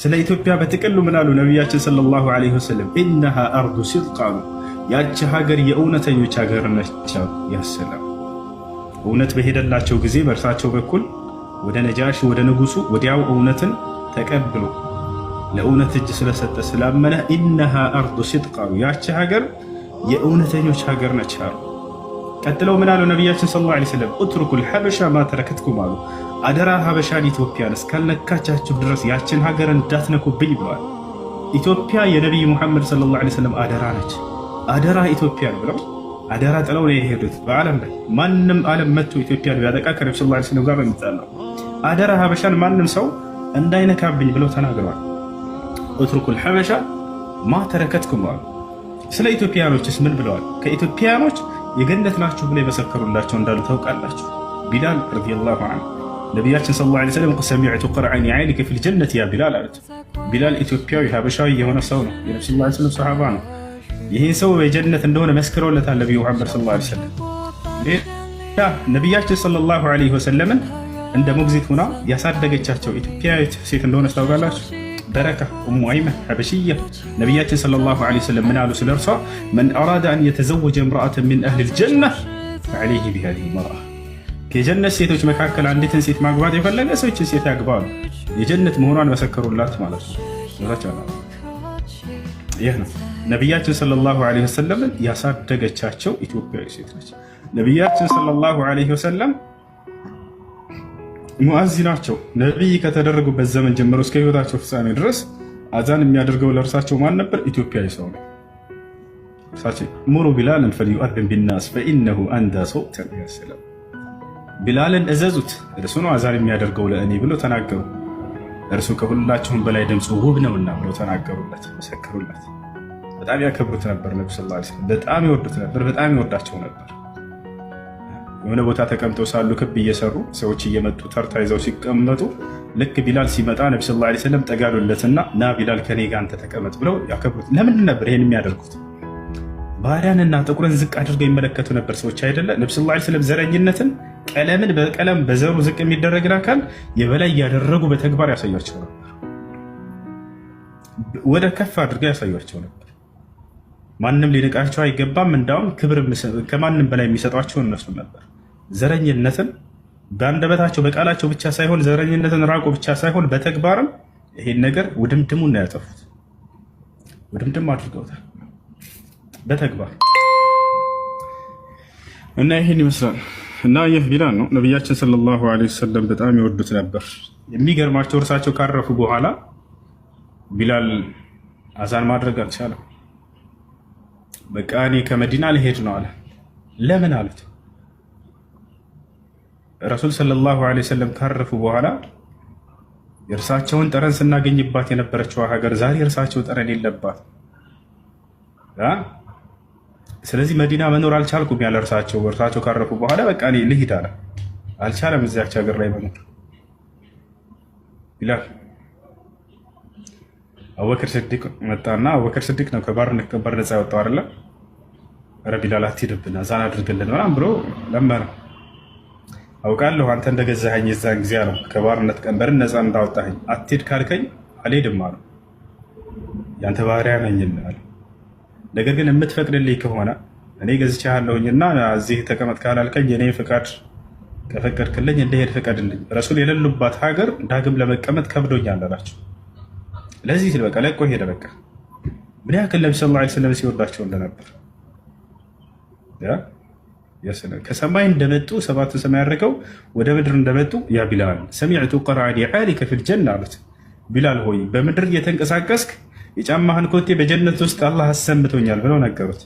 ስለ ኢትዮጵያ በጥቅሉ ምን አሉ ነቢያችን ሰለላሁ ዐለይሂ ወሰለም? ኢነሃ አርዱ ሲድቅ አሉ። ያቺ ሀገር የእውነተኞች ሀገር ነች። ያሰላም እውነት በሄደላቸው ጊዜ በእርሳቸው በኩል ወደ ነጃሽ ወደ ንጉሱ ወዲያው እውነትን ተቀብሎ ለእውነት እጅ ስለሰጠ ስላመነ ኢነሃ አርዱ ሲድቅ አሉ። ያቺ ሀገር የእውነተኞች ሀገር ነች አሉ። ቀጥለው ምን አሉ ነቢያችን ሰለላሁ ዐለይሂ ወሰለም? ኡትሩኩል ሐበሻ ማ ተረከትኩም አሉ አደራ ሀበሻን ኢትዮጵያን እስካለካቻችሁ ድረስ ያችን ሀገር እንዳትነኩብኝ ብለዋል። ኢትዮጵያ የነቢይ ሙሐመድ ሰለላሁ ዐለይሂ ወሰለም አደራ ነች። አደራ ኢትዮጵያን ብለው አደራ ጥለው ነው የሄዱት። በዓለም ላይ ማንም ዓለም መጥቶ ኢትዮጵያን ቢያጠቃ ከነቢ ሰለላሁ ዐለይሂ ወሰለም ጋር በሚጣለው አደራ ሀበሻን ማንም ሰው እንዳይነካብኝ ብለው ተናግረዋል። እትርኩል ሐበሻ ማ ተረከትኩም አሉ። ስለ ኢትዮጵያኖችስ ምን ብለዋል? ከኢትዮጵያኖች የገነት ናችሁ ብለው የመሰከሩላቸው እንዳሉ ታውቃላችሁ። ቢላል ረዲየላሁ ዐንሁ نبي الله صلى الله عليه وسلم قد سمعت قرع عينك في الجنة يا بلال أرد بلال إثيوبيا ويهاب شاي يهون سونا ينفس الله عليه وسلم صحابانا يهين سوى جنة دون مسكره ولا تال محمد صلى الله عليه وسلم لا نبي الله صلى الله عليه وسلم عند مجزي هنا يا سادة جتشاتو إثيوبيا سيت دون سوى بلاش بركة أم عيمة حبشية نبيات صلى الله عليه وسلم من سلرصة من أراد أن يتزوج امرأة من أهل الجنة فعليه بهذه المرأة ከጀነት ሴቶች መካከል አንዲትን ሴት ማግባት የፈለገ ሰዎች ሴት ያግባሉ። የጀነት መሆኗን መሰከሩላት ማለት ነው። ይህ ነው ነቢያችን ሰለላሁ ዐለይሂ ወሰለምን ያሳደገቻቸው ኢትዮጵያዊ ሴት ነች። ነቢያችን ሰለላሁ ዐለይሂ ወሰለም ሙአዚ ናቸው። ነቢይ ከተደረጉበት ዘመን ጀምሮ እስከ ህይወታቸው ፍጻሜ ድረስ አዛን የሚያደርገው ለእርሳቸው ማን ነበር? ኢትዮጵያዊ ሰው ነው። እርሳቸው ሙሩ ቢላልን ፈልዩአዝን ቢናስ ፈኢነሁ አንዳ ሰው ያስላል ቢላልን እዘዙት እርሱ ነው አዛን የሚያደርገው ለእኔ ብሎ ተናገሩ። እርሱ ከሁላችሁም በላይ ድምፅ ውብ ነውና ብሎ ተናገሩለት፣ መሰክሩለት። በጣም ያከብሩት ነበር። ነቢ ስ በጣም ይወዱት ነበር፣ በጣም ይወዳቸው ነበር። የሆነ ቦታ ተቀምጠው ሳሉ ክብ እየሰሩ ሰዎች እየመጡ ተርታ ይዘው ሲቀመጡ ልክ ቢላል ሲመጣ ነቢ ስላ ስለም ጠጋሉለትና ና ቢላል ከኔ ጋር አንተ ተቀመጥ ብለው ያከብሩት። ለምንድን ነበር ይሄን የሚያደርጉት? ባሪያንና ጥቁርን ዝቅ አድርገው ይመለከቱ ነበር ሰዎች አይደለ? ነቢ ስ ላ ስለም ዘረኝነትን ቀለምን በቀለም በዘሩ ዝቅ የሚደረግን አካል የበላይ እያደረጉ በተግባር ያሳያቸው ነበር። ወደ ከፍ አድርገው ያሳያቸው ነበር። ማንም ሊንቃቸው አይገባም። እንዳውም ክብር ከማንም በላይ የሚሰጧቸው እነሱ ነበር። ዘረኝነትን በአንደበታቸው በቃላቸው ብቻ ሳይሆን ዘረኝነትን ራቁ ብቻ ሳይሆን በተግባርም ይሄን ነገር ውድምድሙ እና ያጠፉት ውድምድም አድርገውታል በተግባር እና ይህን ይመስላል። እና ይህ ቢላል ነው። ነቢያችን ሰለላሁ ዐለይሂ ወሰለም በጣም ይወዱት ነበር። የሚገርማቸው እርሳቸው ካረፉ በኋላ ቢላል አዛን ማድረግ አልቻለም። በቃ እኔ ከመዲና ልሄድ ነው አለ። ለምን አሉት። ረሱል ሰለላሁ ዐለይሂ ወሰለም ካረፉ በኋላ የእርሳቸውን ጠረን ስናገኝባት የነበረችው ሀገር ዛሬ እርሳቸው ጠረን የለባት ስለዚህ መዲና መኖር አልቻልኩም ያለ እርሳቸው እርሳቸው ካረፉ በኋላ በቃ እኔ ልሂድ አለ። አልቻለም እዚያች ሀገር ላይ መኖር ይላል። አቡበክር ስዲቅ መጣና አቡበክር ስዲቅ ነው ከባርነት ቀንበር ነፃ ያወጣው አይደለ? ኧረ ቢላል አትሂድብን፣ አዛን አድርግልን ምናምን ብሎ ለመነው። አውቃለሁ አንተ እንደገዛኸኝ የዛን ጊዜ ነው ከባርነት ቀንበር ነፃ እንዳወጣኸኝ፣ አትሄድ ካልከኝ አልሄድም አሉ። ያንተ ባህሪያ ነኝ አለ ነገር ግን የምትፈቅድልኝ ከሆነ እኔ ገዝቻለሁኝና እዚህ ተቀመጥ ካላልከኝ የኔ ፍቃድ ከፈቀድክልኝ እንደሄድ ፍቀድልኝ። ረሱል የሌሉባት ሀገር ዳግም ለመቀመጥ ከብዶኛል አላቸው። ለዚህ ሲል በቃ ለቆ ሄደ። በቃ ምን ያክል ነቢ ስለ ላ ስለም ሲወዳቸው እንደነበር ከሰማይ እንደመጡ ሰባቱ ሰማይ ያደረገው ወደ ምድር እንደመጡ ያ ቢላል ሰሚዕቱ ቀራዲ ሊከፊል ጀና አሉት። ቢላል ሆይ በምድር እየተንቀሳቀስክ የጫማህን ኮቴ በጀነት ውስጥ አላህ አሰምቶኛል ብለው ነገሩት።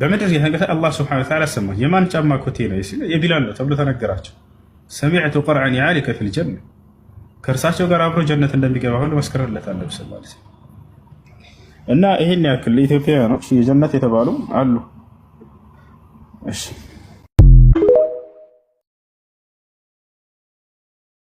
በምድር የተንገተ አላህ ስብሐነ ወተዓላ ሰማ። የማን ጫማ ኮቴ ነው? የቢላል ነው ተብሎ ተነገራቸው። ሰሚዕቱ ቁርአን ያሊከ ፊል ጀነ ከእርሳቸው ጋር አብሮ ጀነት እንደሚገባ ሁሉ መስክረለታል ነቢ እና ይህን ያክል ኢትዮጵያውያኖች የጀነት የተባሉ አሉ። እሺ